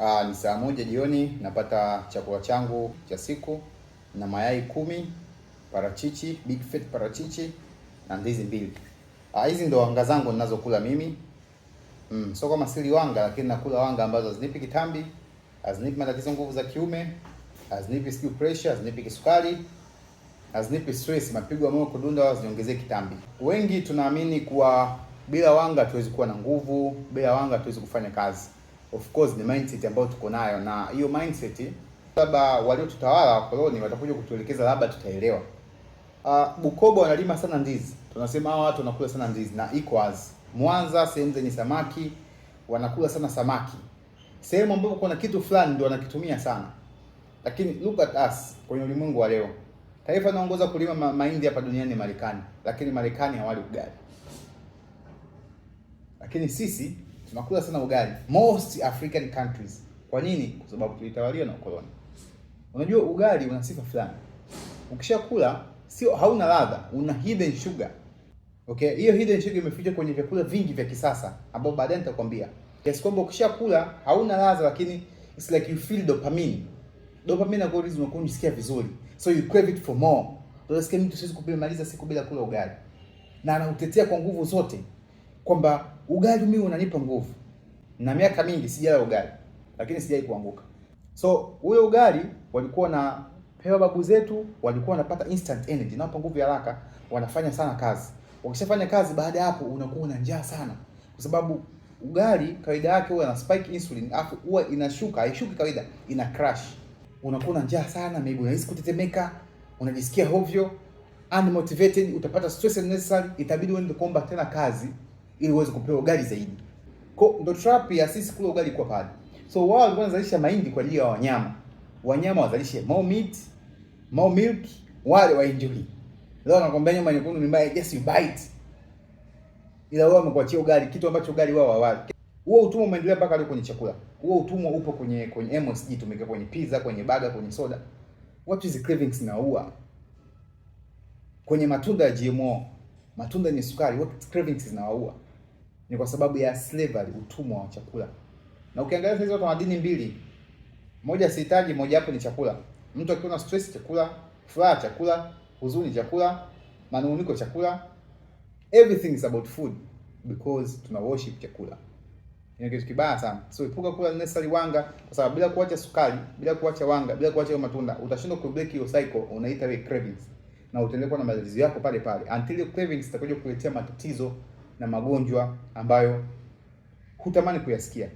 Aa, ah, ni saa moja jioni napata chakula changu cha siku na mayai kumi, parachichi, big fat parachichi na ndizi mbili. Ah, hizi ndo wanga zangu ninazokula mimi. Mm, so kama sili wanga lakini nakula wanga ambazo hazinipi kitambi, hazinipi matatizo nguvu za kiume, hazinipi sijui pressure, hazinipi kisukari, hazinipi stress, mapigo ya moyo kudunda au ziongezee kitambi. Wengi tunaamini kuwa bila wanga tuwezi kuwa na nguvu, bila wanga tuwezi kufanya kazi of course ni mindset ambayo tuko nayo, na hiyo mindset labda waliotutawala wakoloni watakuja kutuelekeza, labda tutaelewa. Uh, Bukoba wanalima sana ndizi, tunasema hawa watu wanakula sana ndizi, na iko wazi. Mwanza sehemu zenye samaki wanakula sana samaki, sehemu ambapo kuna kitu fulani ndio wanakitumia sana. Lakini look at us kwenye ulimwengu wa leo, taifa inaongoza kulima ma mahindi hapa duniani Marekani, lakini Marekani hawali ugali, lakini sisi tunakula sana ugali most African countries. Kwa nini? Kwa sababu tulitawaliwa na ukoloni. Unajua ugali una sifa fulani, ukishakula sio hauna ladha, una hidden sugar. Okay, hiyo hidden sugar imefichwa kwenye vyakula vingi vya kisasa ambao baadaye nitakwambia, kiasi kwamba ukishakula hauna ladha, lakini it's like you feel dopamine. Dopamine na cortisol, unakuwa unisikia vizuri, so you crave it for more. unasikia nasikia mtu siwezi maliza siku bila kula ugali, na anautetea kwa nguvu zote kwamba ugali mimi unanipa nguvu, na miaka mingi sijala ugali, lakini sijai kuanguka. So huyo ugali walikuwa na pewa babu zetu, walikuwa wanapata instant energy, nawapa nguvu ya haraka, wanafanya sana kazi. Wakishafanya kazi, baada ya hapo unakuwa na njaa sana, kwa sababu ugali kawaida yake huwa na spike insulin, afu huwa inashuka, haishuki kawaida, ina crash. Unakuwa na njaa sana, maybe unahisi kutetemeka, unajisikia hovyo, unmotivated, utapata stress unnecessary, itabidi uende kuomba tena kazi ili uweze kupewa ugali zaidi. Kwa ndo trap ya sisi kula ugali kwa pale. So wao walikuwa wanazalisha mahindi kwa ajili ya wanyama. Wanyama wazalishe more meat, more milk, wale wa enjoy. Leo nakwambia nyama nyekundu ni mbaya, just you bite. Ila wao wamekuachia ugali, kitu ambacho ugali wao hawali. Huo utumwa umeendelea mpaka leo kwenye chakula. Huo utumwa upo kwenye kwenye MSG, tumeka kwenye pizza, kwenye burger, kwenye soda. What is the cravings na huwa? Kwenye matunda ya GMO, matunda ni sukari, what cravings na huwa? ni kwa sababu ya slavery, utumwa wa chakula. Na ukiangalia hizo tamaduni mbili, moja sihitaji, moja hapo ni chakula. Mtu akiona stress, chakula; furaha, chakula; huzuni, chakula; manunguniko, chakula. Everything is about food because tuna worship chakula. Ni kitu kibaya sana. So epuka kula necessary wanga kwa sababu bila kuacha sukari, bila kuacha wanga, bila kuacha hiyo matunda, utashindwa ku break hiyo cycle unaita wewe cravings. Na utaendelea na malizi yako pale pale until your cravings itakuja kukuletea matatizo na magonjwa ambayo hutamani kuyasikia.